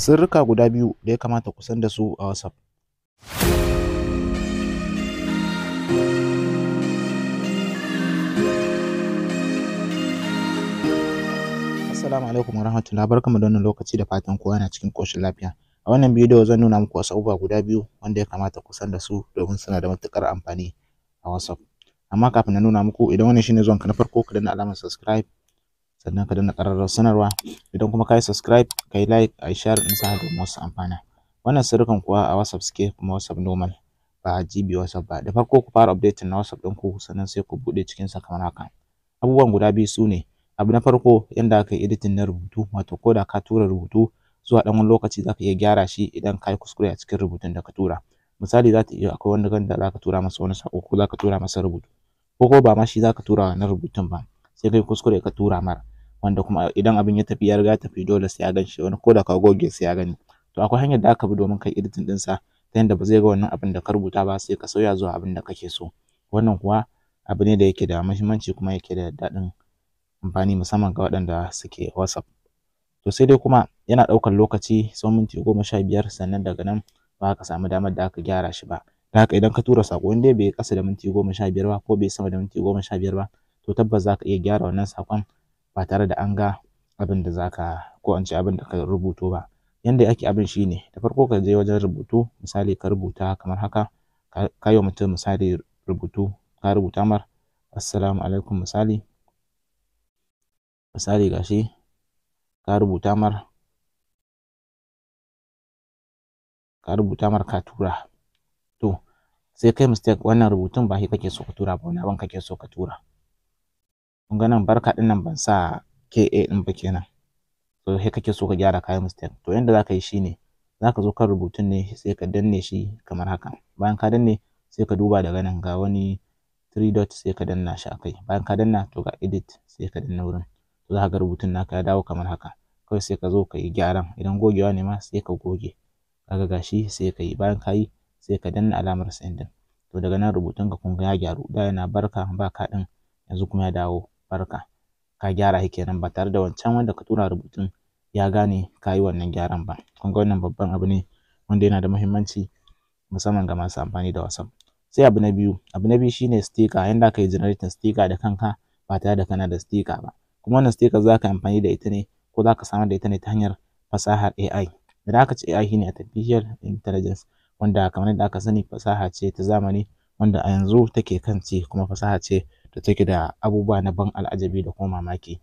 sirrika guda biyu da ya kamata kusan da su a WhatsApp. Assalamu alaikum wa rahmatullahi barkamu da wannan lokaci da fatan kowa yana cikin koshin lafiya. A wannan bidiyo zan nuna muku wasu abubuwa guda biyu wanda ya kamata kusan da su domin suna da matuƙar amfani a WhatsApp. Amma kafin na nuna muku idan wannan shine ka na farko ka danna alamar subscribe sannan ka danna karara sanarwa idan kuma ka yi subscribe ka yi like a yi share ɗinsa domin wasu amfana wannan sirrukan kuwa a whatsapp suke kuma whatsapp normal ba gb whatsapp ba da farko ku fara updating na whatsapp ku sannan sai ku buɗe sa kamar haka abubuwan guda biyu su ne abu na farko yanda aka yi editing na rubutu wato ko da ka tura rubutu zuwa ɗan wani lokaci za ka iya gyara shi idan ka yi kuskure a cikin rubutun da ka tura misali za ta iya akwai wanda ganda za ka tura masa wani sako ko za ka tura masa rubutu ko ko ba ma shi za ka tura na rubutun ba sai kai kuskure ka tura mara wanda kuma idan abin ya tafi ya riga tafi dole sai ya gan shi wani ko da ka goge sai ya gani to akwai hanyar da aka bi domin kai editing din sa ta yanda ba zai ga wannan abin da ka rubuta ba sai ka sauya zuwa abin da kake so wannan kuwa abu ne da yake da muhimmanci kuma yake da daɗin amfani musamman ga waɗanda suke WhatsApp to sai dai kuma yana ɗaukar lokaci sau minti goma sha biyar sannan daga nan ba ka samu damar da aka gyara shi ba da haka idan ka tura saƙo wanda bai kasa da minti goma sha biyar ba ko bai sama da minti goma sha biyar ba to tabbas za ka iya gyara wannan saƙon ba tare da an ga abin da zaka ko an ce abin da ka rubuto ba yanda ake abin shine da farko ka je wajen rubutu misali ka rubuta kamar haka ka yi wa mutum misali rubutu ka rubuta mar assalamu alaikum misali misali gashi ka rubuta mar ka rubuta mar ka tura to sai kai mistake wannan rubutun ba shi kake so ka tura ba wani abin kake so ka tura kun ga nan barka din nan ban sa ka din ba kenan to sai kake so ka gyara kayan mistake to yanda zaka yi shine zaka zo kan rubutun ne sai ka danne shi kamar haka bayan ka danne sai ka duba daga nan ga wani 3 dot sai ka danna shi akai bayan ka danna to ga edit sai ka danna wurin to zaka ga rubutun naka ya dawo kamar haka kawai sai ka zo ka yi gyaran idan gogewa ne ma sai ka goge kaga gashi sai ka yi bayan ka yi sai ka danna alamar sendin to daga nan rubutun ka kun ga ya gyaru da yana barka ba ka din yanzu kuma ya dawo barka ka gyara shi kenan ba tare da wancan wanda ka tura rubutun ya gane ka yi wannan gyaran ba kun ga wannan babban abu ne wanda yana da muhimmanci musamman ga masu amfani da WhatsApp sai abu na biyu abu na biyu shine sticker yanda ka yi generating sticker da kanka ba tare da kana da sticker ba kuma wannan sticker za ka amfani da ita ne ko za ka samar da ita ne ta hanyar fasahar AI idan aka ce AI shine artificial intelligence wanda kamar yadda aka sani fasaha ce ta zamani wanda a yanzu take kan ci kuma fasaha ce da take da abubuwa na ban al'ajabi da kuma mamaki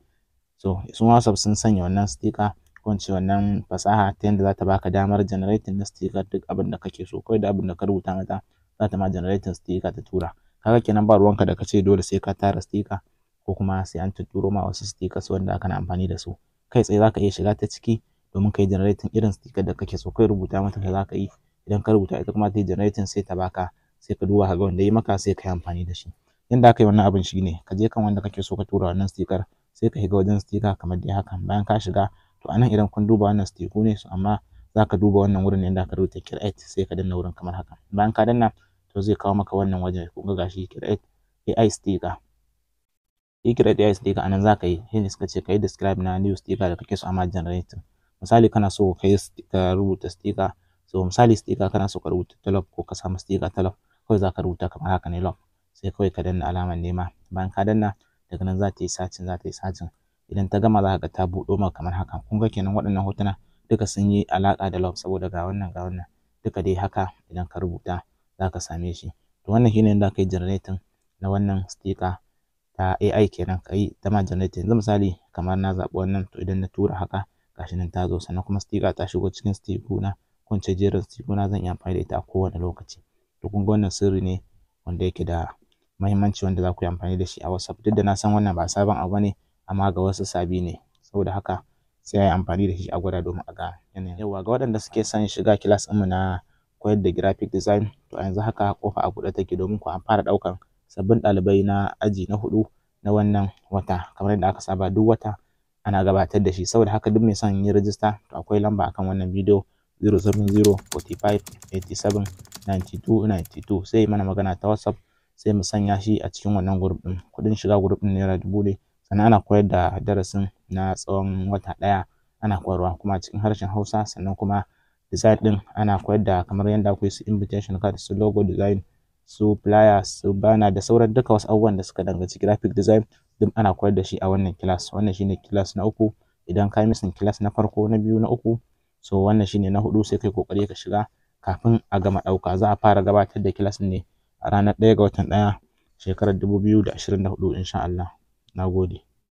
so su whatsapp sun sanya wannan stika ko ce wannan fasaha ta yadda za ta baka damar generating na stika duk abin da kake so kawai da abin da ka rubuta mata za ta ma generating stika ta tura kaga kenan ba ruwanka da kace dole sai ka tara stika ko kuma sai an tuturo ma wasu su wanda aka na amfani da su kai tsaye ka iya shiga ta ciki domin ka yi generating irin stikar da kake so kai rubuta mata ka zaka yi idan ka rubuta ita kuma ta yi generating sai ta baka sai ka duba wanda ya maka sai ka yi amfani da shi yanda aka yi wannan abin shine ka je kan wanda kake so ka tura wannan sticker sai ka shiga wajen sticker kamar dai haka bayan ka shiga to anan idan kun duba wannan sticker ne su amma zaka duba wannan wurin yanda aka rubuta create sai ka danna wurin kamar haka bayan ka danna to zai kawo maka wannan wajen kun ga gashi create AI sticker yi create AI sticker anan za yi shi ne suka ce ka yi describe na new sticker da kake so amma generating misali kana so ka rubuta sticker so misali stika kana so ka rubuta ta ko ka samu stika ta kawai za ka rubuta kamar haka ne love sai kawai ka danna alaman nema bayan ka danna daga nan za ta yi sacin za ta yi sacin idan ta gama za ka ga ta buɗo maka kamar haka kun ga kenan waɗannan hotuna duka sun yi alaka da love saboda ga wannan ga wannan duka dai haka idan ka rubuta za ka same shi to wannan shine yadda aka yi generating na wannan stika ta AI kenan kai ta ma generating yanzu misali kamar na zaɓi wannan to idan na tura haka gashi nan ta zo sannan kuma stika ta shigo cikin stiku na kwance jerin siguna zan iya amfani da ita a kowane lokaci to kun ga wannan sirri ne wanda yake da mahimmanci wanda za ku yi amfani da shi a WhatsApp duk da na san wannan ba sabon abu ne amma ga wasu sabi ne saboda haka sai a yi amfani da shi a gwada domin a ga yanayin yawa ga waɗanda suke son shiga kilas ɗinmu na koyar da graphic design to a yanzu haka kofa a buɗe take domin ku an fara ɗaukan sabbin ɗalibai na aji na hudu na wannan wata kamar yadda aka saba duk wata ana gabatar da shi saboda haka duk mai son yin rajista to akwai lamba akan wannan bidiyo 07045879292 sai mana magana ta whatsapp sai mu sanya shi a cikin wannan group din kudin shiga group din naira dubu ne sannan ana koyar da darasin na tsawon wata daya ana koyarwa kuma cikin harshen hausa sannan kuma design din ana koyar da kamar yadda akwai su invitation card su logo design su flyer su banner da sauran duka wasu abubuwan da suka danganci graphic design duk ana koyar da shi a wannan class wannan shine class na uku idan ka yi misin class na farko na biyu na uku so wannan shine na hudu sai kai kokari ka shiga kafin a gama dauka za a fara gabatar da class ne a ranar 1 ga watan 1 shekarar 2024 insha Allah nagode